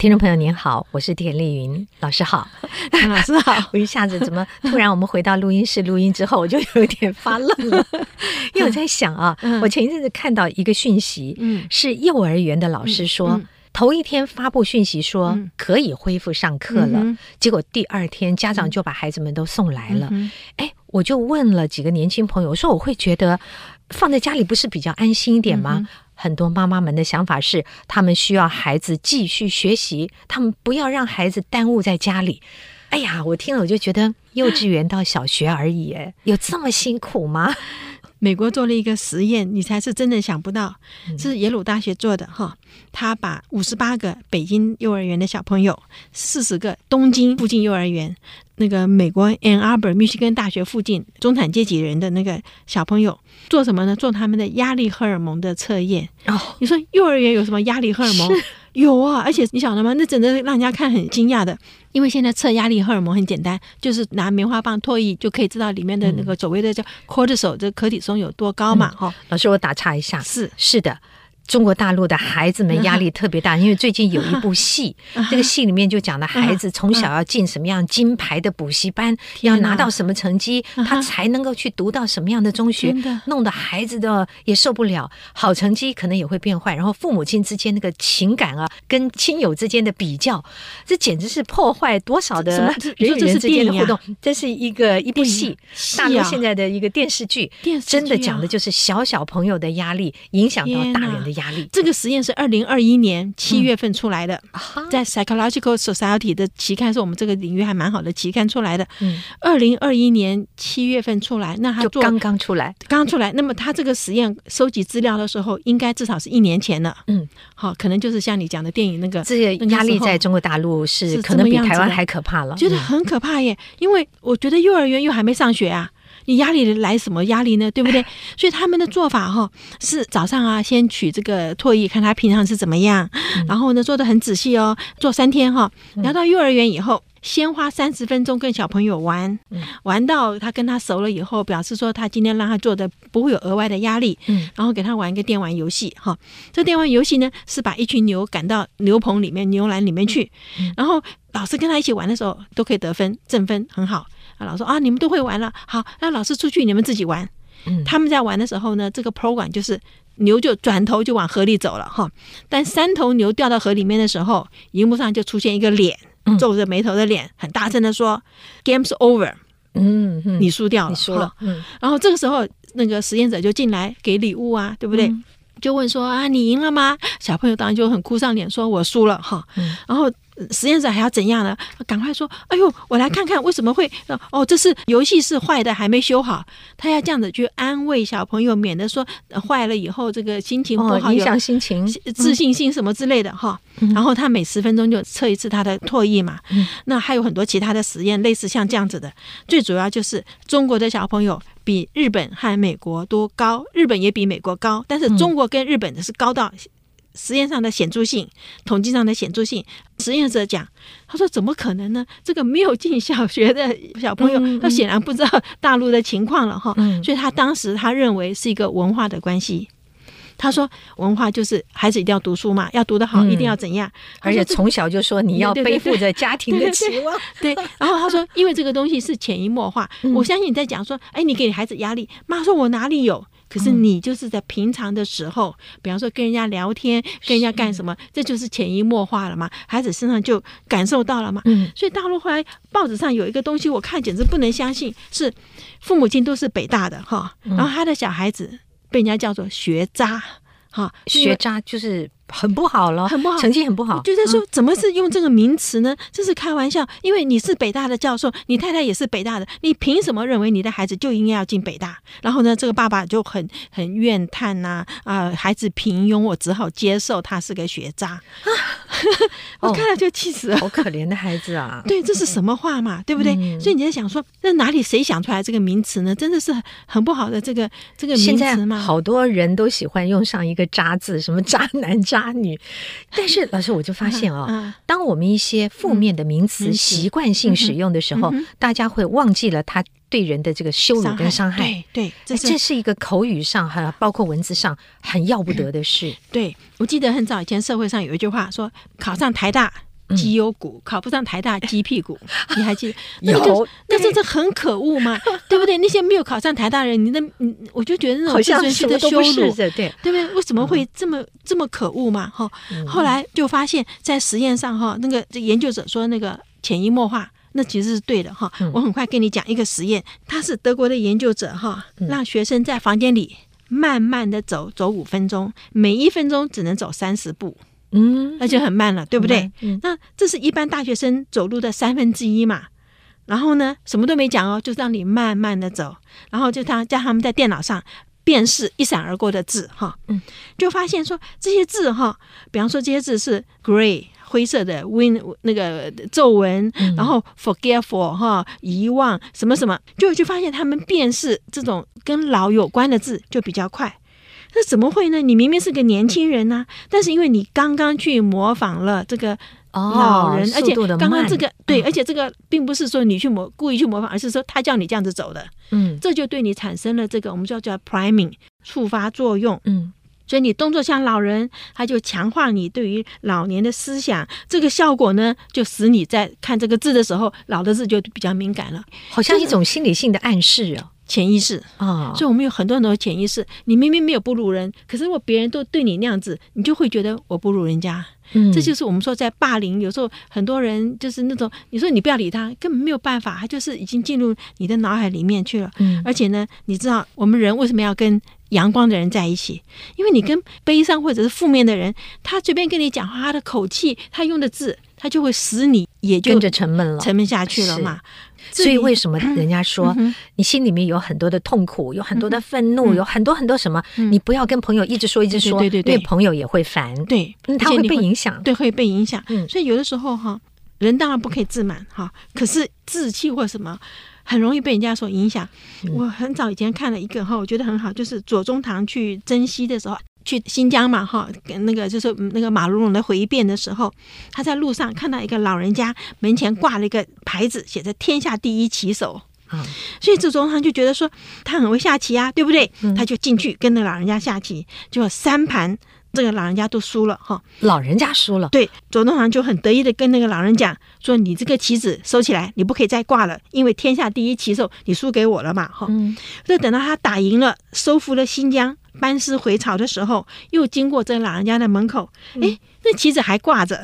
聽眾朋友您好，我是田麗雲老師好老師好，嗯、老師好。 我一下子怎麼突然我們回到錄音室錄音之後，我就有點發愣了， 因為我在想啊，嗯、我前一陣子看到一個訊息，嗯、是幼兒園的老師說、嗯嗯、頭一天發布訊息說、嗯、可以恢復上課了，嗯、結果第二天家長就把孩子們都送來了，嗯、哎，我就問了幾個年輕朋友，我說我會覺得。放在家裡不是比較安心一點嗎？嗯嗯，很多媽媽們的想法是，他們需要孩子繼續學習，他們不要讓孩子耽誤在家裡。哎呀，我聽了我就覺得，幼稚園到小學而已， 有這麼辛苦嗎？美國做了一個實驗，你才是真的想不到，嗯、是耶魯大學做的哈。他把五十八個北京幼兒園的小朋友，四十個東京附近幼兒園，那個美國 Ann Arbor 密西根大學附近中產階級人的那個小朋友，做什麼呢？做他們的壓力荷爾蒙的測驗。哦、你說幼兒園有什麼壓力荷爾蒙？有啊，而且你曉得嗎？那整個讓人家看很驚訝的，因為現在測壓力荷爾蒙很簡單，就是拿棉花棒唾液就可以知道裡面的那個所謂的叫 cortisol 這、嗯、可體松有多高嘛？哈、嗯，哦、老師，我打岔一下，是是的。中國大陸的孩子們壓力特別大，因為最近有一部戲，啊、哈這個戲裡面就講的孩子從小要進什麼樣金牌的補習班，哪要拿到什麼成績，啊、哈他才能夠去讀到什麼樣的中學，哪弄得孩子的也受不了。好成績可能也會變壞，然後父母親之間那個情感啊，跟親友之間的比較，這簡直是破壞多少的這這人與人之間的互動。這是，啊、這是一個一部戲，啊、大陸現在的一個電視劇，電視劇啊、真的講的就是小小朋友的壓力影響到大人的壓力。這個實驗是二零二一年七月份出來的，嗯、在 Psychological Society 的期刊，是我們這個領域還蠻好的期刊出來的。二零二一年七月份出來，那他剛剛出來，剛出來。嗯、那麼他這個實驗收集資料的時候，應該至少是一年前了。嗯，好，可能就是像你講的電影那個。這個壓力在中國大陸是可能比台灣還可怕了，是覺得很可怕耶。嗯、因為我覺得幼兒園又還沒上學啊。壓力來什麼壓力呢？對不對？所以他們的做法哈、哦、是早上啊，先取這個唾液，看他平常是怎麼樣，然後呢，做得很仔細哦，做三天哈、哦。然後到幼兒園以後，先花三十分鐘跟小朋友玩，玩到他跟他熟了以後，表示說他今天讓他做的不會有額外的壓力，然後給他玩一個電玩遊戲哈。這電玩遊戲呢是把一群牛趕到牛棚裡面、牛欄裡面去，然後老師跟他一起玩的時候都可以得分，正分很好。啊、老師說啊，你們都會玩了，好，那老師出去，你們自己玩。嗯、他們在玩的時候呢，這個 program 就是牛就轉頭就往河裡走了哈。但三頭牛掉到河裡面的時候，熒幕上就出現一個臉，皺着眉頭的臉，嗯、很大聲的說：“Games over，嗯，嗯你輸掉了。”你輸了。嗯。好嗯然後這個時候，那個實驗者就進來給禮物啊，對不對？嗯、就問說啊，你贏了嗎？小朋友當然就很哭喪臉，說我輸了哈。嗯、然後。實驗者還要怎樣呢？趕快說！哎呦，我來看看為什麼會哦，這是遊戲是壞的，還沒修好。他要這樣子去安慰小朋友，免得說壞了以後這個心情不好、哦，影響心情、嗯、自信心什麼之類的哈。然後他每十分鐘就測一次他的唾液嘛。嗯、那還有很多其他的實驗，類似像這樣子的。最主要就是中國的小朋友比日本和美國都高，日本也比美國高，但是中國跟日本的是高到。實驗上的顯著性，統計上的顯著性，實驗者講，他說，怎麼可能呢？這個沒有進小學的小朋友，嗯、他顯然不知道大陸的情況了哈。嗯、所以他當時他認為是一個文化的關係。嗯、他說文化就是孩子一定要讀書嘛，要讀得好，嗯、一定要怎樣而且，嗯？而且從小就說你要背負着家庭的期望。對、對、對、對、對、對、對，然後他說，因為這個東西是潛移默化。嗯、我相信你在講說，哎，你給你孩子壓力，媽說我哪裡有？可是你就是在平常的時候，嗯、比方說跟人家聊天，是跟人家幹什麼，這就是潛移默化了嘛，孩子身上就感受到了嘛。嗯、所以大陸後來報紙上有一個東西，我看簡直不能相信，是父母親都是北大的哈，然後他的小孩子被人家叫做學渣，哈、嗯，學渣就是。很不好了，很不好，成績很不好。就在說，嗯、怎麼是用這個名詞呢？這是開玩笑，嗯、因為你是北大的教授，嗯、你太太也是北大的，你憑什麼認為你的孩子就應該要進北大？然後呢，這個爸爸就很很怨嘆吶，啊，啊、呃，孩子平庸，我只好接受他是個學渣啊！ 我看了就氣死了，哦，好可憐的孩子啊！對，這是什麼話嘛，嗯、對不對？所以你在想說，那哪裡誰想出來這個名詞呢？真的是很很不好的這個這個名詞嗎？現在好多人都喜歡用上一個“渣”字，什麼渣男、渣。媽女，但是老師我就發現啊、哦，嗯、當我們一些負面的名詞習慣性使用的時候，嗯嗯、大家會忘記了他對人的這個羞辱跟傷害。害對，對這，是這是一個口語上還包括文字上很要不得的事。對，我記得很早以前社會上有一句話說，考上台大，績優股，考不上台大雞屁股。你還記得？有，但是這很可惡嘛， 對不對？那些沒有考上台大的人，你那，嗯，我就覺得那種自尊心的羞辱，是的對，對不對？為什麼會這麼、嗯、這麼可惡嘛？哈，後來就發現，在實驗上哈，那個研究者說那個潛移默化，那其實是對的哈。我很快跟你講一個實驗，他是德國的研究者哈，讓學生在房間裡慢慢的走，走五分鐘，每一分鐘只能走三十步。嗯， 那就很慢了，對不對？Okay, um. 那這是一般大學生走路的三分之一嘛。然後呢，什麼都沒講哦，就讓你慢慢的走。然後就他叫他們在電腦上辨識一閃而過的字，哈，嗯，就發現說這些字，哈，比方說這些字是 grey 灰色的，win 那個皺紋，嗯、然後 forgetful 哈遺忘什麼什麼，就就發現他們辨識這種跟老有關的字就比較快。那怎麼會呢？你明明是個年輕人吶、啊，但是因為你剛剛去模仿了這個老人，哦、而且剛剛這個對，而且這個並不是說你去模故意去模仿，而是說他叫你這樣子走的。嗯，這就對你產生了這個我們叫叫 priming 觸發作用。嗯，所以你動作像老人，他就強化你對於老年的思想，這個效果呢，就使你在看這個字的時候，老的字就比較敏感了，好像一種心理性的暗示哦。潛意識啊，哦，所以我們有很多很多潛意識。你明明沒有不如人，可是如果別人都對你那樣子，你就會覺得我不如人家。嗯，這就是我們說在霸凌。有時候很多人就是那種，你說你不要理他，根本沒有辦法，他就是已經進入你的腦海裡面去了。嗯，而且呢，你知道我們人為什麼要跟陽光的人在一起？因為你跟悲傷或者是負面的人，他隨便跟你講話，他的口氣，他用的字，他就會使你也就跟着沉悶了，沉悶下去了嘛。所以為什麼人家說，你心裡面有很多的痛苦，嗯嗯、有很多的憤怒，嗯、有很多很多什麼？嗯、你不要跟朋友一直說一直說，嗯、對，對對對，朋友也會煩，對、嗯，他會被影響，會，對，會被影響。嗯、所以有的時候哈，人當然不可以自滿哈，嗯、可是志氣或什麼很容易被人家所影響。嗯、我很早以前看了一個哈，我覺得很好，就是左宗棠去征西的時候。去新疆嘛，哈，跟那個就是那個馬龍龍的回變的時候，他在路上看到一個老人家門前掛了一個牌子，寫着“天下第一棋手”，嗯，所以左宗棠他就覺得說他很會下棋啊，對不對？他就進去跟那老人家下棋，就三盤。這個老人家都輸了哈，老人家輸了。對，左宗棠就很得意的跟那個老人講說：“你這個棋子收起來，你不可以再掛了，因為天下第一棋手，你輸給我了嘛。”哈，嗯。這等到他打贏了，收復了新疆，班師回朝的時候，又經過這個老人家的門口，嗯、誒，那棋子還掛着。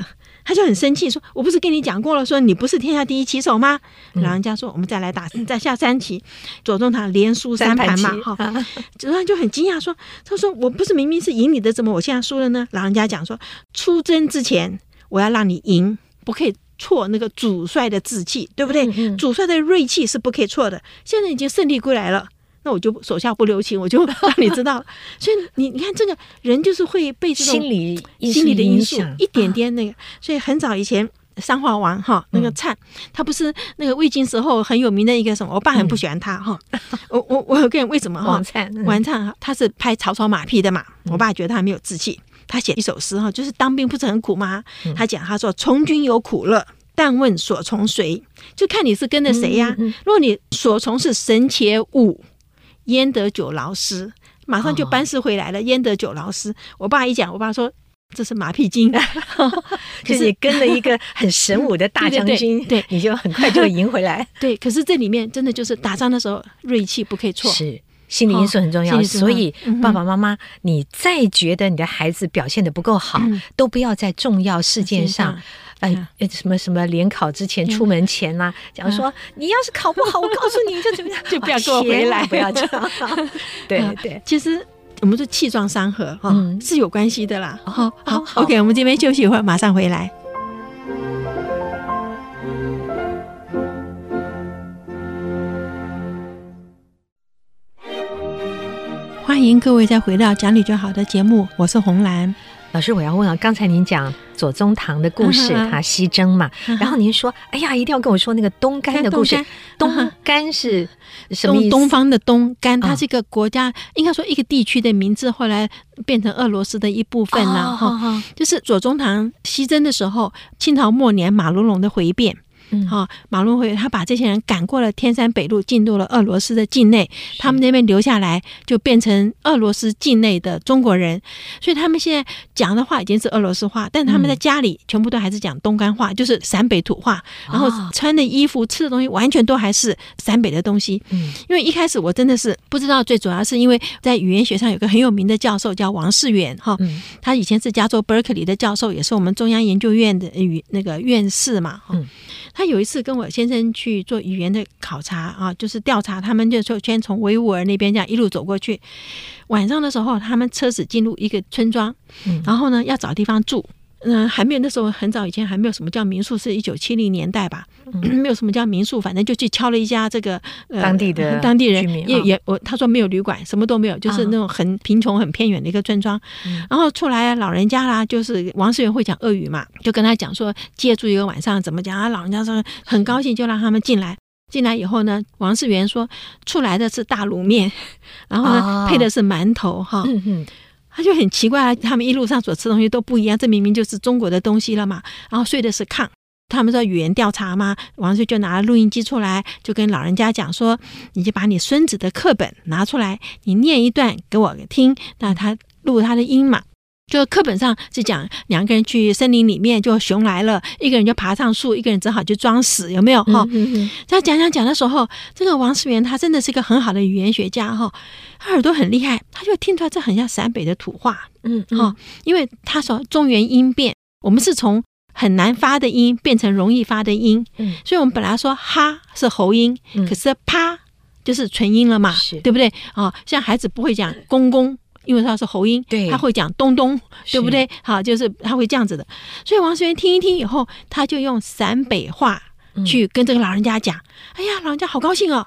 他就很生氣，說：“我不是跟你講過了，說你不是天下第一棋手嗎？”老人家說：“嗯、我們再來打，再下三棋。”左宗棠連輸三盤嘛，哈！左宗棠就很驚訝，說：“他說我不是明明是贏你的，怎麼我現在輸了呢？”老人家講說：“出征之前，我要讓你贏，不可以挫那個主帥的志氣，對不對？嗯、哼主帥的銳氣是不可以挫的。現在已經勝利歸來了。”那我就手下不留情，我就讓你知道了 所以你你看，這個人就是會被這種心理心理的因素影一點點那個。啊、所以很早以前王、三皇王哈那個粲，嗯、他不是那個魏晉時候很有名的一個什麼？我爸很不喜歡他哈、嗯吼。 我我我跟你為什麼？王粲，王、嗯、粲他是拍曹操馬屁的嘛，我爸覺得他沒有志氣。他寫一首詩哈，就是當兵不是很苦嗎？他講他說從軍有苦樂，但問所從誰，就看你是跟着誰呀。嗯嗯嗯，如果你所從是神且武，焉得久勞師？馬上就班師回來了。焉得久勞師？我爸一講，我爸說，這是馬屁精， 就是 就跟了一個很神武的大將軍， 嗯、對，對，對，你就很快就贏回來。 對，可是這裡面真的就是打仗的時候銳氣不可以錯， 是，是，錯是心理因素很重要。哦、所以爸爸媽媽，嗯、哼你再覺得你的孩子表現得不夠好，嗯、都不要在重要事件上。嗯哎，什麼什麼聯考之前出門前呐、啊？假如、嗯、說、啊、你要是考不好，我告訴你， 就怎麼樣？就不要坐回來，來，不要這樣。對 對，啊、對其實我們是氣壯山河哈是有關係的啦。哦、好，好，OK，我們這邊休息一會兒，馬上回來。歡迎各位再回到《講理就好》的節目，我是紅蘭老師。我要問啊，剛才您講左宗棠的故事，啊啊，他西征嘛，啊、哈然後您說，哎呀，一定要跟我說那個東干的故事。干東，干東干是什麼意思？東、東方的東干，它是一個國家，哦、應該說一個地區的名字，後來變成俄羅斯的一部分了。哈、哦，哦、就是左宗棠西征的時候，清朝末年馬如龍的回變。好，嗯、馬龍會他把這些人趕過了天山北路，進入了俄羅斯的境內。是他們那邊留下來，就變成俄羅斯境內的中國人。所以他們現在講的話已經是俄羅斯話，但他們在家裡全部都還是講東干話，嗯、就是陝北土話。哦、然後穿的衣服、吃的東西，完全都還是陝北的東西。嗯，因為一開始我真的是不知道，最主要是因為在語言學上有個很有名的教授叫王世元哈，嗯、他以前是加州 b e r k 的教授，也是我們中央研究院的語那個院士嘛。嗯。他有一次跟我先生去做語言的考察啊，就是調查，他們就說先從維吾爾那邊這樣一路走過去。晚上的時候，他們車子進入一個村莊，然後呢，要找地方住。嗯，還沒有。那時候很早以前，還沒有什麼叫民宿，是一九七零年代吧，嗯、沒有什麼叫民宿。反正就去敲了一家這個、呃、當地的當地人，也也我他說沒有旅館，哦、什麼都沒有，就是那種很貧窮、很偏遠的一個村莊。嗯、然後出來老人家啦，就是王世元會講俄語嘛，就跟他講說借住一個晚上怎麼講。啊？老人家說很高興，就讓他們進來。進來以後呢，王世元說出來的是大滷麵，然後呢、哦、配的是饅頭哈。嗯哼他就很奇怪啊，他們一路上所吃東西都不一樣，這明明就是中國的東西了嘛。然後睡的是炕，他們說語言調查嘛，王旭就拿了錄音機出來，就跟老人家講說：“你就把你孫子的課本拿出來，你念一段給我聽。”那他錄他的音嘛。就課本上是講兩個人去森林裡面，就熊來了，一個人就爬上樹，一個人只好就裝死，有沒有？哈、嗯，在、嗯嗯、講講講的時候，這個王士元他真的是一個很好的語言學家，哈，他耳朵很厲害，他就聽出來這很像陝北的土話。嗯，哈、嗯，因為他說中原音變，我們是從很難發的音變成容易發的音，嗯，所以我們本來說哈是喉音，嗯、可是啪就是唇音了嘛，是對不對？啊、哦，像孩子不會講公公。因為他是喉音，對他會講“東東，對不對？是好，就是他會這樣子的。所以王思源聽一聽以後，他就用陝北話去跟這個老人家講：“嗯、哎呀，老人家好高興哦，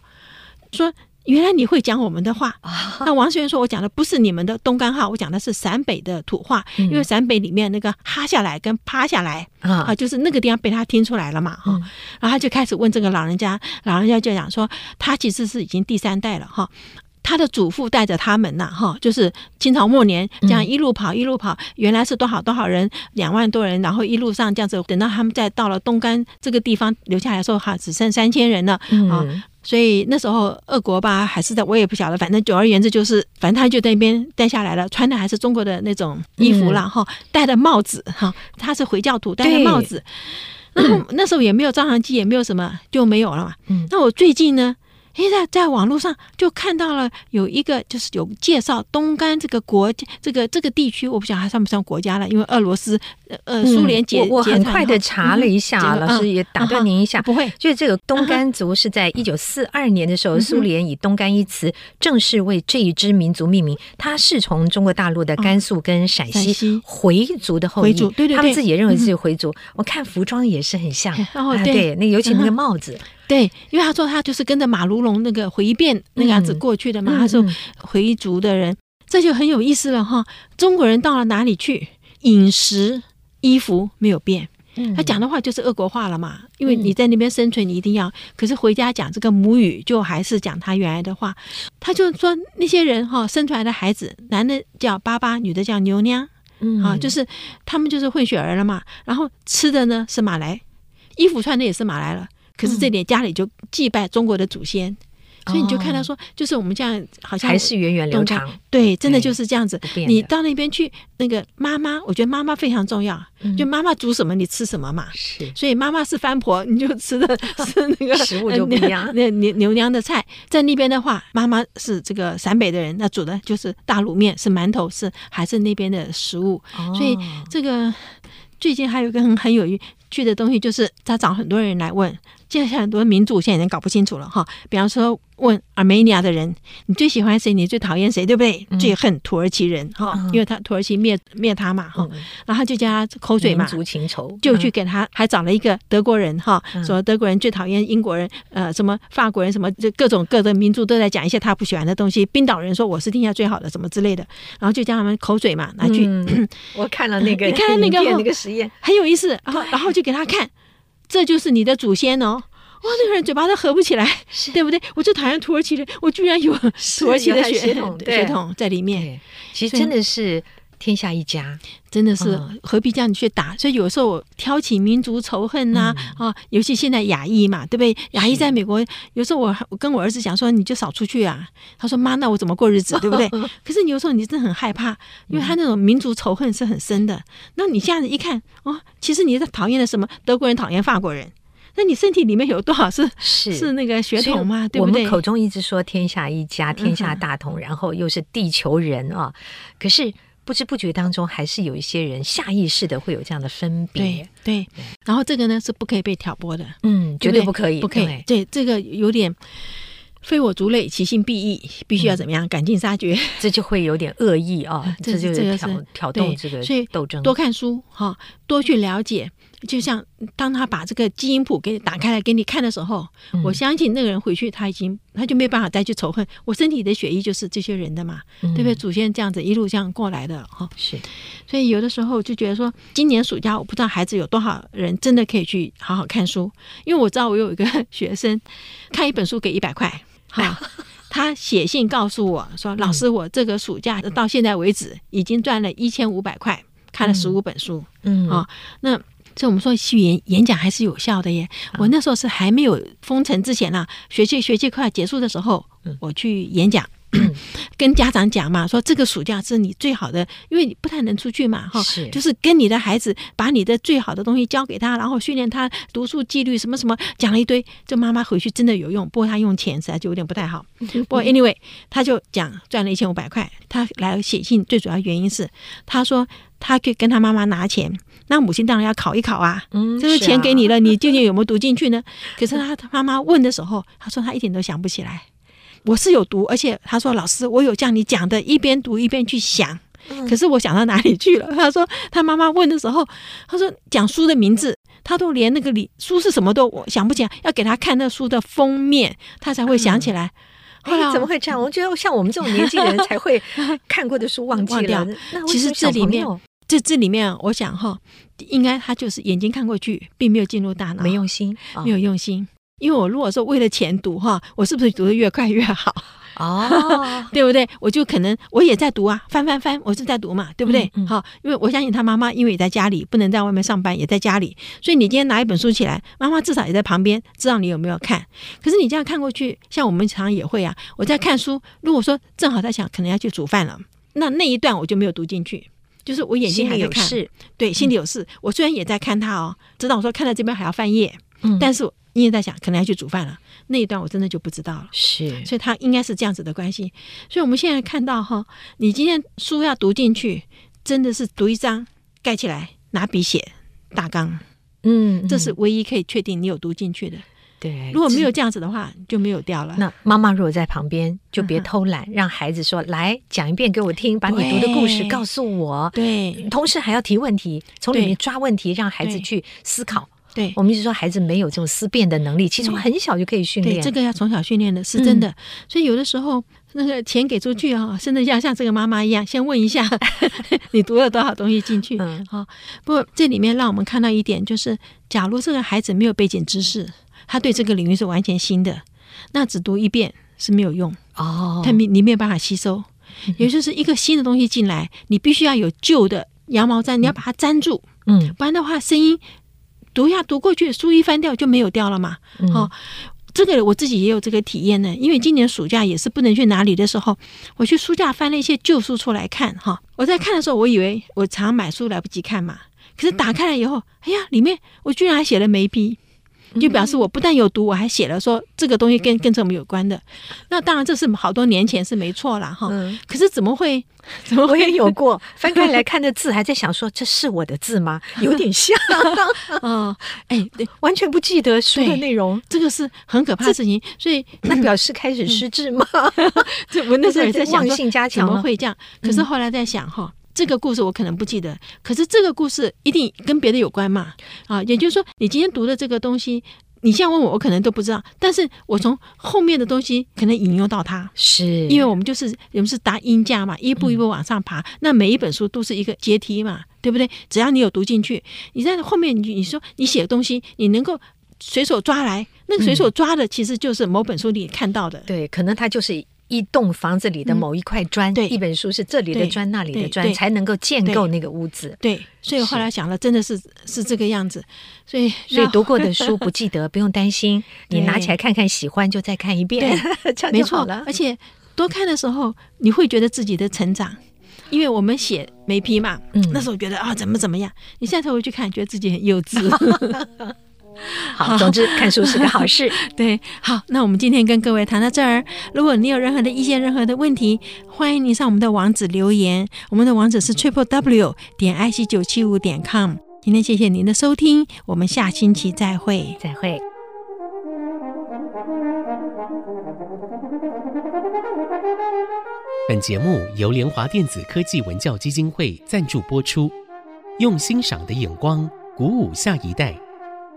說原來你會講我們的話。啊”那王思源說：“我講的不是你們的東干話，我講的是陝北的土話。嗯、因為陝北裡面那個‘哈下來’跟‘趴下來’嗯、啊，就是那個地方被他聽出來了嘛，哈、嗯。然後他就開始問這個老人家，老人家就講說，他其實是已經第三代了，哈。”他的祖父帶着他們吶，哈，就是清朝末年這樣一路跑一路跑，嗯、原來是多少多少人，兩萬多人，然後一路上這樣子，等到他們再到了東干這個地方留下來的時候，哈，只剩三千人了、嗯、啊。所以那時候俄國吧，還是在，我也不曉得，反正總而言之就是，反正他就在那邊待下來了，穿的還是中國的那種衣服了哈，嗯、然後戴的帽子哈、啊，他是回教徒，戴的帽子。那對那時候也沒有照相機，嗯、也沒有什麼，就沒有了嘛。嗯，那我最近呢？現在在網絡上就看到了有一個，就是有介紹東干這個國，這個這個地區，我不曉得還算不算國家了，因為俄羅斯，呃，蘇聯解解。我、嗯、我很快的查了一下、嗯這個嗯、老師也打斷您一下，不會、嗯哼，就是這個東干族是在一九四二年的時候，嗯、哼蘇聯以東干一詞正式為這一支民族命名。嗯、哼它是從中國大陸的甘肅跟陝西回族的後裔，對對對他們自己也認為自己回族。嗯、哼我看服裝也是很像，嗯、對啊對，那尤其那個帽子。嗯對，因為他說他就是跟着馬如龍那個回變那個樣子過去的嘛。嗯、他說回族的人，嗯嗯、這就很有意思了哈。中國人到了哪裡去，飲食、衣服沒有變。嗯、他講的話就是俄國話了嘛，因為你在那邊生存，你一定要。嗯、可是回家講這個母語，就還是講他原來的話。他就說那些人哈，生出來的孩子，男的叫巴巴，女的叫牛娘。嗯啊，就是他們就是混血兒了嘛。然後吃的呢是馬來，衣服穿的也是馬來了。可是這點家裡就祭拜中國的祖先，嗯、所以你就看他說，就是我們這樣好像還是源遠流長，對，真的就是這樣子。你到那邊去，那個媽媽，我覺得媽媽非常重要，就媽媽煮什麼，你吃什麼嘛。嗯、所以媽媽是番婆，你就吃的是那個食物就不一樣，那牛牛娘的菜在那邊的話，媽媽是這個陝北的人，那煮的就是大滷麵，是饅頭，是還是那邊的食物。所以這個最近還有一個很很有趣的東西，就是他找很多人來問。就像很多民族現在已經搞不清楚了哈，比方說，問亞美尼亞的人，你最喜歡誰？你最討厭誰？對不對？嗯、最恨土耳其人哈，嗯、因為他土耳其滅滅他嘛哈，嗯、然後就叫他口水嘛，民族情仇嗯、就去給他還找了一個德國人哈，嗯、說德國人最討厭英國人，呃，什麼法國人，什麼就各種各的民族都在講一些他不喜歡的東西。冰島人說我是天下最好的什麼之類的，然後就叫他們口水嘛，拿去。嗯、我看了那個， 你看那個、哦、那個實驗很有意思，然、哦、後對然後就給他看。這就是你的祖先哦！哇、哦，那個人嘴巴都合不起來，是對不對？我最討厭土耳其人，我居然有土耳其的血，血統對血統在裡面，其實真的是。天下一家，真的是何必這樣去打？嗯、所以有時候我挑起民族仇恨吶啊、嗯哦，尤其現在亞裔嘛，對不對？亞裔在美國，是有時候我我跟我兒子講說，你就少出去啊。他說媽，那我怎麼過日子？對不對？哦哦哦、可是你有時候你真的很害怕，嗯、因為他那種民族仇恨是很深的。那你這樣子一看哦，其實你在討厭的什麼？德國人討厭法國人，那你身體裡面有多少是是，是那個血統嘛？是對，不對我們口中一直說天下一家，天下大同，嗯、然後又是地球人啊、哦，可是。不知不覺當中，還是有一些人下意識的會有這樣的分別。對對，對對，然後這個呢是不可以被挑撥的，嗯，絕對不可以，不可以。因為對這個有點，非我族類，其心必異，必須要怎麼樣，趕盡、嗯、殺絕，這就會有點惡意啊、哦嗯，這，這就挑這是挑挑動這個，所以鬥爭。多看書哈，多去了解。就像當他把這個基因譜給你打開來給你看的時候，嗯、我相信那個人回去他已經他就沒辦法再去仇恨。我身體的血液就是這些人的嘛，嗯、對不對？祖先這樣子一路這樣過來的哈。哦、是，所以有的時候就覺得說，今年暑假我不知道孩子有多少人真的可以去好好看書，因為我知道我有一個學生，看一本書給一百塊，哈、哦， 他寫信告訴我說，老師，嗯、我這個暑假到現在為止已經賺了一千五百塊，看了十五本書，嗯啊、嗯哦，那。這我們說去演演講還是有效的耶。我那時候是還沒有封城之前呢、啊，學期學期快要結束的時候，我去演講。 跟家長講嘛，說這個暑假是你最好的，因為你不太能出去嘛，哈是、哦，就是跟你的孩子把你的最好的東西交給他，然後訓練他讀書紀律什麼什麼，講了一堆。這媽媽回去真的有用，不過他用錢實在就有點不太好。不過 anyway，他就講賺了一千五百塊，他來寫信最主要原因是，他說他去跟他媽媽拿錢，那母親當然要考一考啊，嗯、是啊，這個錢給你了，你究竟有沒有讀進去呢？ 可是他他媽媽問的時候，他說他一點都想不起來。我是有讀，而且他說，老師，我有像你講的，一邊讀一邊去想，可是我想到哪裡去了？嗯、他說他媽媽問的時候，他說講書的名字，他都連那個裡書是什麼都我想不起來，要給他看那書的封面，他才會想起來。嗯、後來哎，怎麼會這樣？嗯、我覺得像我們這種年輕人才會看過的書忘記了，忘掉。其實這裡面，這這裡面，我想哈，應該他就是眼睛看過去，並沒有進入大腦，沒用心，哦、沒有用心。因為我如果說為了錢讀哈，我是不是讀得越快越好？哦 ，oh. 對不對？我就可能我也在讀啊，翻翻翻，我是在讀嘛，對不對？嗯嗯，好，因為我相信他媽媽，因為也在家裡，不能在外面上班，也在家裡，所以你今天拿一本書起來，媽媽至少也在旁邊，知道你有沒有看。可是你這樣看過去，像我們常常也會啊，我在看書，如果說正好在想，可能要去煮飯了，那那一段我就沒有讀進去，就是我眼睛還看有事，對，心裡有事。嗯、我雖然也在看他哦，知道我說看到這邊還要翻頁。但是你也在想，可能要去煮飯了。那一段我真的就不知道了。是，所以他應該是這樣子的關係。所以我們現在看到哈，你今天書要讀進去，真的是讀一章蓋起來，拿筆寫大綱。嗯，嗯，這是唯一可以確定你有讀進去的。對，如果沒有這樣子的話，就沒有掉了。那媽媽如果在旁邊，就別偷懶，嗯、哼讓孩子說，來，講一遍給我聽，把你讀的故事告訴我。對，同時還要提問題，從裡面抓問題，對讓孩子去思考。對，我們就說孩子沒有這種思辨的能力，其實很小就可以訓練。對，這個要從小訓練的是真的。嗯、所以有的時候那個錢給出去啊，甚至要像這個媽媽一樣，先問一下 你讀了多少東西進去。嗯、好。不過這裡面讓我們看到一點就是，假如這個孩子沒有背景知識，他對這個領域是完全新的，那只讀一遍是沒有用哦。他沒你沒有辦法吸收，也就、嗯、是一個新的東西進來，你必須要有舊的羊毛氈，你要把它粘住。嗯，不然的話聲音。讀一下，讀過去，書一翻掉就沒有掉了嘛。哈、嗯，這個我自己也有這個體驗呢。因為今年暑假也是不能去哪裡的時候，我去書架翻了一些舊書出來看。哈，我在看的時候，我以為我常買書來不及看嘛。可是打開了以後，哎呀，裡面我居然還寫了眉批。就表示我不但有讀，我還寫了說這個東西跟跟這我們有關的。那當然這是好多年前是沒錯了哈。可是怎麼會？怎麼我也有過翻開來看的字，還在想說這是我的字嗎？有點像啊，哎，完全不記得書的內容。這個是很可怕的事情。所以那表示開始失智嗎？就我那時候在想說，怎麼會這樣？可是後來在想哈。這個故事我可能不記得，可是這個故事一定跟別的有關嘛？啊，也就是說，你今天讀的這個東西，你現在問我，我可能都不知道。但是我從後面的東西可能引用到它，是因為我們就是我們是搭鷹架嘛，一步一步往上爬。嗯、那每一本書都是一個階梯嘛，對不對？只要你有讀進去，你在後面，你你說你寫的東西，你能夠隨手抓來，那個隨手抓的其實就是某本書裡看到的、嗯。對，可能它就是。一棟房子裡的某一塊磚，一本書是這裡的磚，那裡的磚才能夠建構那個屋子。對，所以我後來想了，真的是是這個樣子。所以所以讀過的書不記得，不用擔心，你拿起來看看，喜歡就再看一遍，沒錯了。而且多看的時候，你會覺得自己的成長，因為我們寫沒批嘛。嗯，那時候覺得啊，怎麼怎麼樣？你現在才回去看，覺得自己很幼稚。好，好，總之，看書是個好事。 對，好，那我們今天跟各位談到這兒。如果你有任何的意見、任何的問題，歡迎您上我們的網址留言。我們的網址是 Triple W 點 IC 九七五點 com。今天謝謝您的收聽，我們下星期再會。再會。本節目由聯華電子科技文教基金會贊助播出，用欣賞的眼光鼓舞下一代。